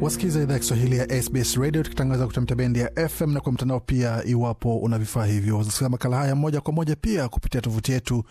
Wasikiza idhaa ya Kiswahili ya SBS Radio tukitangaza kupitia bendi ya FM na kwa mtandao pia. Iwapo una vifaa hivyo, wazasikiza makala haya moja kwa moja pia kupitia tovuti yetu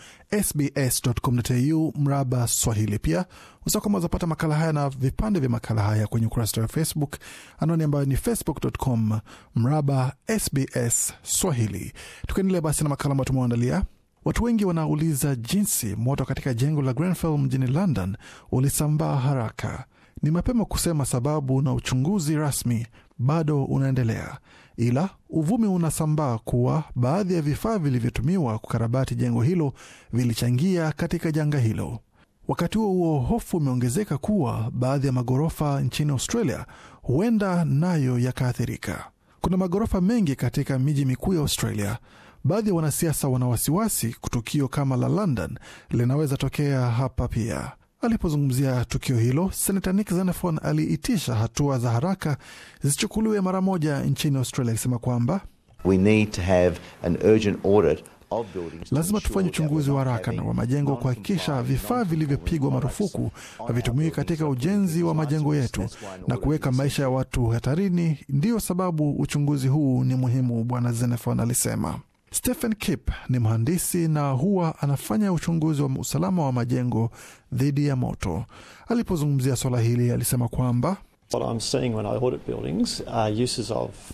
sbs.com.au mraba swahili. Pia usa kwamba wazapata makala haya na vipande vya makala haya kwenye ukurasa wa Facebook, anwani ambayo ni facebook.com mraba sbs swahili. Tukiendelea basi na makala ambayo tumeandalia Watu wengi wanauliza jinsi moto katika jengo la Grenfell mjini London ulisambaa haraka. Ni mapema kusema sababu na uchunguzi rasmi bado unaendelea, ila uvumi unasambaa kuwa baadhi ya vifaa vilivyotumiwa kukarabati jengo hilo vilichangia katika janga hilo. Wakati huo huo, hofu umeongezeka kuwa baadhi ya maghorofa nchini Australia huenda nayo yakaathirika. Kuna maghorofa mengi katika miji mikuu ya Australia. Baadhi ya wanasiasa wana wasiwasi tukio kama la London linaweza tokea hapa pia. Alipozungumzia tukio hilo, senata Nick Xenophon aliitisha hatua za haraka zisichukuliwe mara moja nchini Australia, akisema kwamba We need to have an urgent audit lazima tufanye uchunguzi wa haraka na wa majengo kuhakikisha vifaa vilivyopigwa marufuku havitumiki katika ujenzi wa majengo yetu na kuweka maisha ya watu hatarini. Ndiyo sababu uchunguzi huu ni muhimu, Bwana Zenefon alisema. Stephen Kip ni mhandisi na huwa anafanya uchunguzi wa usalama wa majengo dhidi ya moto. Alipozungumzia swala hili, alisema kwamba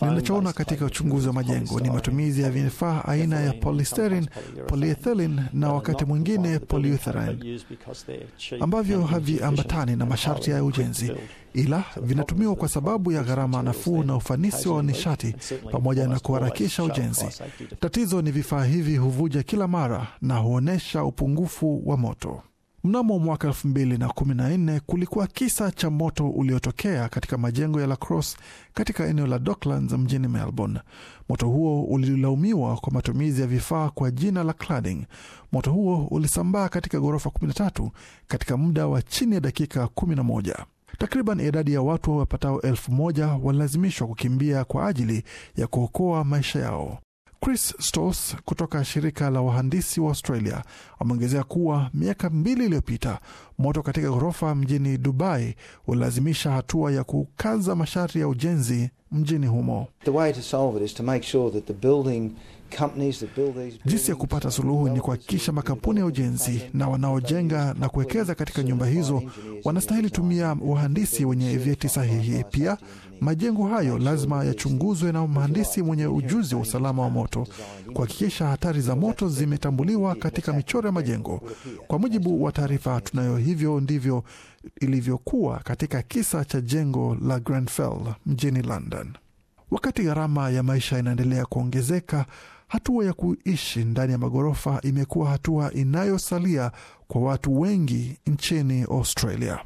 Ninachoona katika uchunguzi wa majengo ni matumizi ya vifaa aina ya polystyrene, polyethylene na wakati mwingine polyurethane ambavyo haviambatani na masharti ya ujenzi, ila vinatumiwa kwa sababu ya gharama nafuu na ufanisi wa nishati pamoja na kuharakisha ujenzi. Tatizo ni vifaa hivi huvuja kila mara na huonyesha upungufu wa moto. Mnamo mwaka nne kulikuwa kisa cha moto uliotokea katika majengo ya Lacrosse katika eneo la Docklands mjini Melbourne. Moto huo ulilaumiwa kwa matumizi ya vifaa kwa jina la cladding. Moto huo ulisambaa katika ghorofa 13 katika muda wa chini ya dakika 11. Takriban idadi ya watu wapatao elfu moja walilazimishwa kukimbia kwa ajili ya kuokoa maisha yao. Chris Stos kutoka shirika la wahandisi wa Australia ameongezea kuwa miaka mbili iliyopita moto katika ghorofa mjini Dubai ulilazimisha hatua ya kukaza masharti ya ujenzi mjini humo. Jinsi ya kupata suluhu ni kuhakikisha makampuni ya ujenzi na wanaojenga na kuwekeza katika nyumba hizo wanastahili tumia wahandisi wenye vyeti sahihi. Pia majengo hayo lazima yachunguzwe na mhandisi mwenye ujuzi wa usalama wa moto, kuhakikisha hatari za moto zimetambuliwa katika michoro ya majengo. Kwa mujibu wa taarifa tunayo, hivyo ndivyo ilivyokuwa katika kisa cha jengo la Grenfell mjini London. Wakati gharama ya maisha inaendelea kuongezeka, hatua ya kuishi ndani ya maghorofa imekuwa hatua inayosalia kwa watu wengi nchini Australia.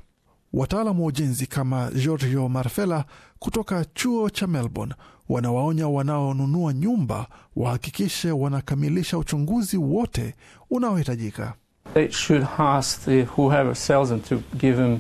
Wataalamu wa ujenzi kama Giorgio Marfella kutoka chuo cha Melbourne wanawaonya wanaonunua nyumba wahakikishe wanakamilisha uchunguzi wote unaohitajika. They should ask the whoever sells them to give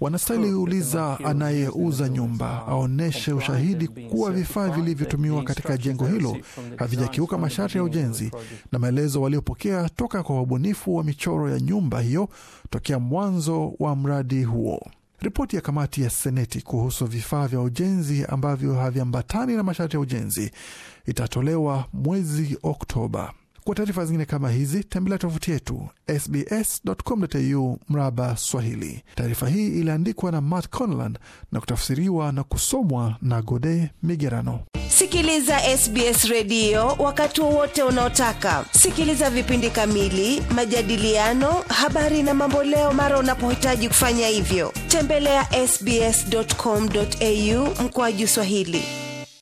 Wanastahili uliza anayeuza nyumba aonyeshe ushahidi kuwa vifaa vilivyotumiwa katika jengo hilo havijakiuka masharti ya ujenzi na maelezo waliopokea toka kwa wabunifu wa michoro ya nyumba hiyo tokea mwanzo wa mradi huo. Ripoti ya kamati ya Seneti kuhusu vifaa vya ujenzi ambavyo haviambatani na masharti ya ujenzi itatolewa mwezi Oktoba. Kwa taarifa zingine kama hizi tembelea tovuti yetu sbs.com.au mraba Swahili. Taarifa hii iliandikwa na Matt Conland na kutafsiriwa na kusomwa na Gode Migerano. Sikiliza SBS redio wakati wowote unaotaka. Sikiliza vipindi kamili, majadiliano, habari na mamboleo mara unapohitaji kufanya hivyo. Tembelea sbs.com.au mkoaji Swahili.